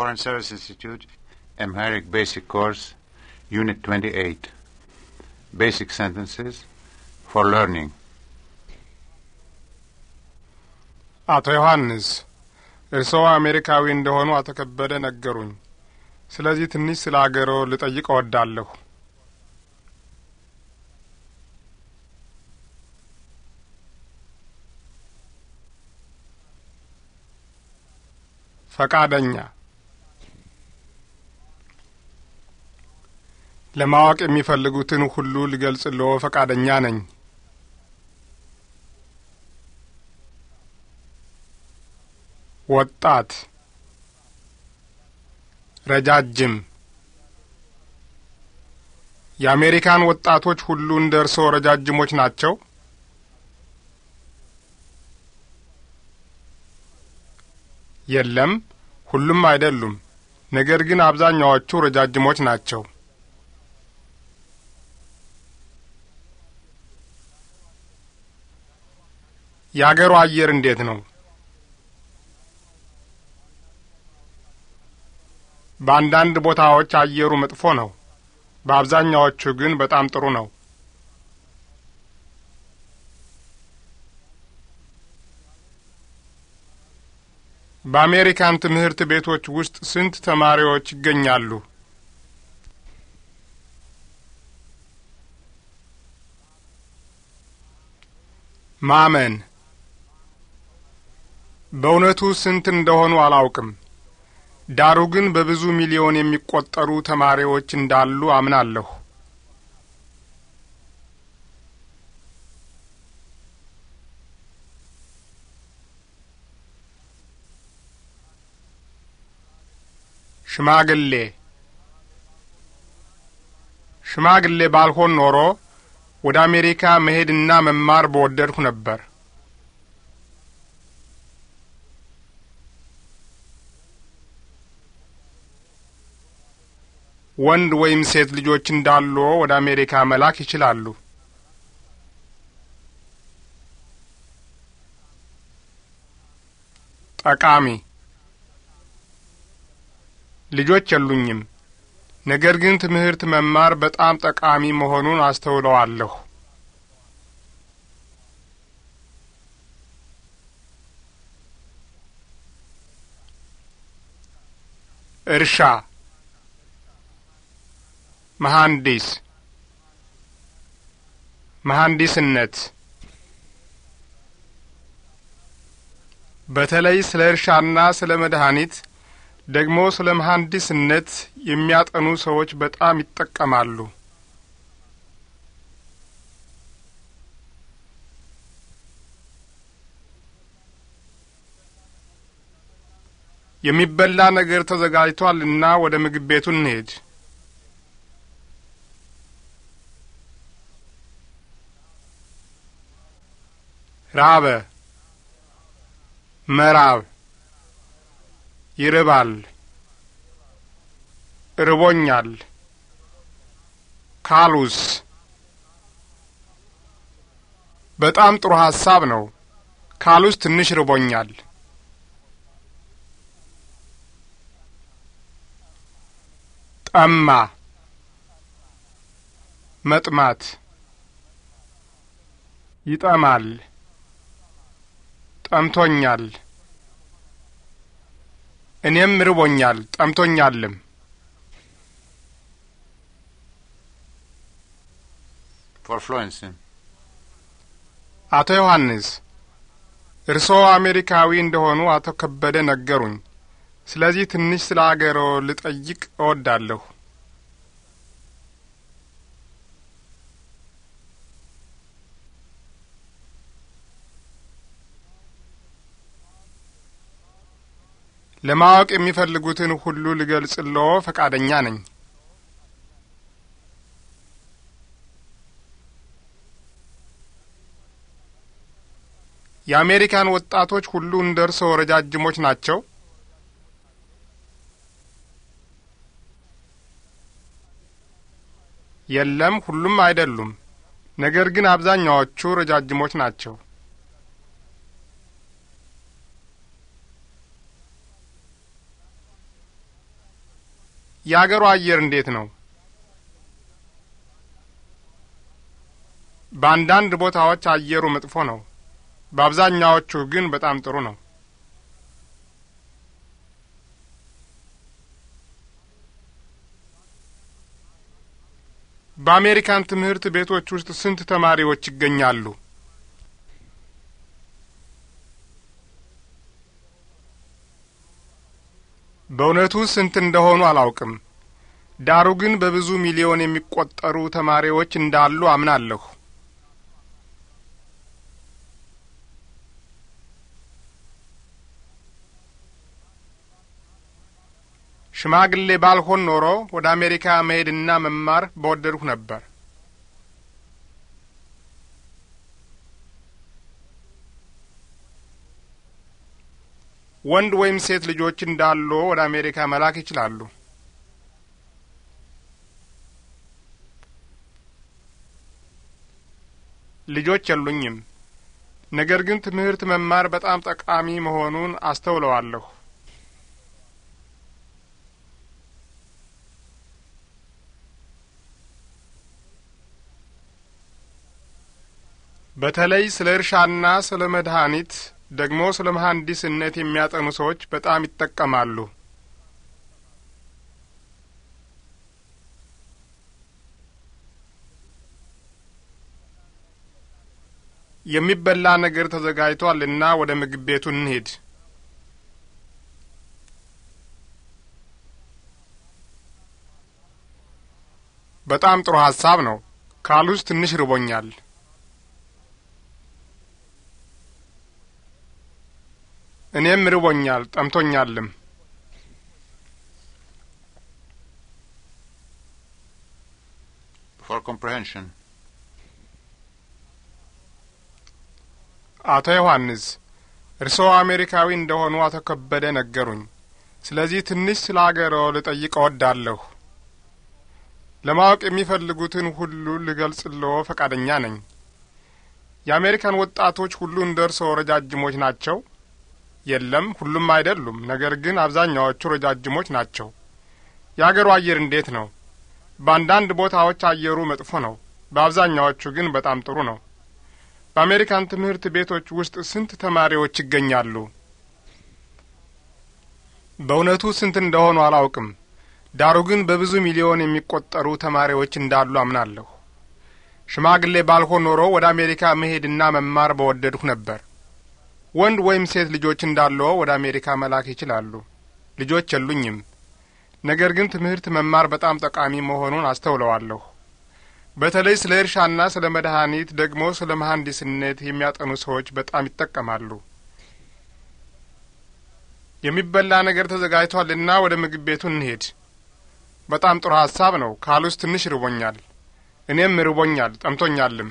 Foreign Service Institute, Amharic Basic Course, Unit 28, Basic Sentences for Learning. አቶ ዮሐንስ እርስዎ አሜሪካዊ እንደሆኑ አቶ ከበደ ነገሩኝ። ስለዚህ ትንሽ ስለ አገሮ ልጠይቅ እወዳለሁ። ፈቃደኛ ለማወቅ የሚፈልጉትን ሁሉ ልገልጽልዎ ፈቃደኛ ነኝ። ወጣት፣ ረጃጅም። የአሜሪካን ወጣቶች ሁሉ እንደ እርስዎ ረጃጅሞች ናቸው? የለም፣ ሁሉም አይደሉም። ነገር ግን አብዛኛዎቹ ረጃጅሞች ናቸው። የአገሩ አየር እንዴት ነው? በአንዳንድ ቦታዎች አየሩ መጥፎ ነው። በአብዛኛዎቹ ግን በጣም ጥሩ ነው። በአሜሪካን ትምህርት ቤቶች ውስጥ ስንት ተማሪዎች ይገኛሉ? ማመን በእውነቱ ስንት እንደሆኑ አላውቅም። ዳሩ ግን በብዙ ሚሊዮን የሚቆጠሩ ተማሪዎች እንዳሉ አምናለሁ። ሽማግሌ ሽማግሌ ባልሆን ኖሮ ወደ አሜሪካ መሄድና መማር በወደድሁ ነበር። ወንድ ወይም ሴት ልጆች እንዳሉ ወደ አሜሪካ መላክ ይችላሉ። ጠቃሚ ልጆች የሉኝም፣ ነገር ግን ትምህርት መማር በጣም ጠቃሚ መሆኑን አስተውለዋለሁ። እርሻ መሐንዲስ መሐንዲስነት በተለይ ስለ እርሻና ስለ መድኃኒት ደግሞ ስለ መሐንዲስነት የሚያጠኑ ሰዎች በጣም ይጠቀማሉ። የሚበላ ነገር ተዘጋጅቷልና ወደ ምግብ ቤቱ እንሄድ። ራበ መራብ ይርባል ርቦኛል ካሉስ በጣም ጥሩ ሀሳብ ነው። ካሉስ ትንሽ ርቦኛል። ጠማ መጥማት ይጠማል ጠምቶኛል። እኔም ርቦኛል ጠምቶኛልም። አቶ ዮሐንስ እርስዎ አሜሪካዊ እንደሆኑ አቶ ከበደ ነገሩኝ። ስለዚህ ትንሽ ስለ አገሮ ልጠይቅ እወዳለሁ። ለማወቅ የሚፈልጉትን ሁሉ ልገልጽልዎ ፈቃደኛ ነኝ። የአሜሪካን ወጣቶች ሁሉ እንደ እርስዎ ረጃጅሞች ናቸው? የለም፣ ሁሉም አይደሉም። ነገር ግን አብዛኛዎቹ ረጃጅሞች ናቸው። የአገሩ አየር እንዴት ነው? በአንዳንድ ቦታዎች አየሩ መጥፎ ነው። በአብዛኛዎቹ ግን በጣም ጥሩ ነው። በአሜሪካን ትምህርት ቤቶች ውስጥ ስንት ተማሪዎች ይገኛሉ? በእውነቱ ስንት እንደሆኑ አላውቅም። ዳሩ ግን በብዙ ሚሊዮን የሚቆጠሩ ተማሪዎች እንዳሉ አምናለሁ። ሽማግሌ ባልሆን ኖሮ ወደ አሜሪካ መሄድና መማር በወደድሁ ነበር። ወንድ ወይም ሴት ልጆች እንዳሉ ወደ አሜሪካ መላክ ይችላሉ። ልጆች የሉኝም፣ ነገር ግን ትምህርት መማር በጣም ጠቃሚ መሆኑን አስተውለዋለሁ። በተለይ ስለ እርሻና ስለ መድኃኒት ደግሞ ስለ መሐንዲስነት የሚያጠኑ ሰዎች በጣም ይጠቀማሉ። የሚበላ ነገር ተዘጋጅቷል እና ወደ ምግብ ቤቱ እንሄድ። በጣም ጥሩ ሀሳብ ነው። ካሉስ ትንሽ ርቦኛል። እኔም ርቦኛል ጠምቶኛልም። አቶ ዮሐንስ እርስዎ አሜሪካዊ እንደሆኑ አቶ ከበደ ነገሩኝ። ስለዚህ ትንሽ ስለ አገርዎ ልጠይቅ እወዳለሁ። ለማወቅ የሚፈልጉትን ሁሉ ልገልጽልዎ ፈቃደኛ ነኝ። የአሜሪካን ወጣቶች ሁሉ እንደ እርስዎ ረጃጅሞች ናቸው? የለም፣ ሁሉም አይደሉም። ነገር ግን አብዛኛዎቹ ረጃጅሞች ናቸው። የአገሩ አየር እንዴት ነው? በአንዳንድ ቦታዎች አየሩ መጥፎ ነው፣ በአብዛኛዎቹ ግን በጣም ጥሩ ነው። በአሜሪካን ትምህርት ቤቶች ውስጥ ስንት ተማሪዎች ይገኛሉ? በእውነቱ ስንት እንደሆኑ አላውቅም። ዳሩ ግን በብዙ ሚሊዮን የሚቆጠሩ ተማሪዎች እንዳሉ አምናለሁ። ሽማግሌ ባልሆን ኖሮ ወደ አሜሪካ መሄድና መማር በወደድሁ ነበር። ወንድ ወይም ሴት ልጆች እንዳለ ወደ አሜሪካ መላክ ይችላሉ። ልጆች የሉኝም፣ ነገር ግን ትምህርት መማር በጣም ጠቃሚ መሆኑን አስተውለዋለሁ። በተለይ ስለ እርሻና ስለ መድኃኒት ደግሞ ስለ መሐንዲስነት የሚያጠኑ ሰዎች በጣም ይጠቀማሉ። የሚበላ ነገር ተዘጋጅቷልና ወደ ምግብ ቤቱ እንሄድ። በጣም ጥሩ ሀሳብ ነው ካሉስ፣ ትንሽ ርቦኛል። እኔም ርቦኛል ጠምቶኛልም።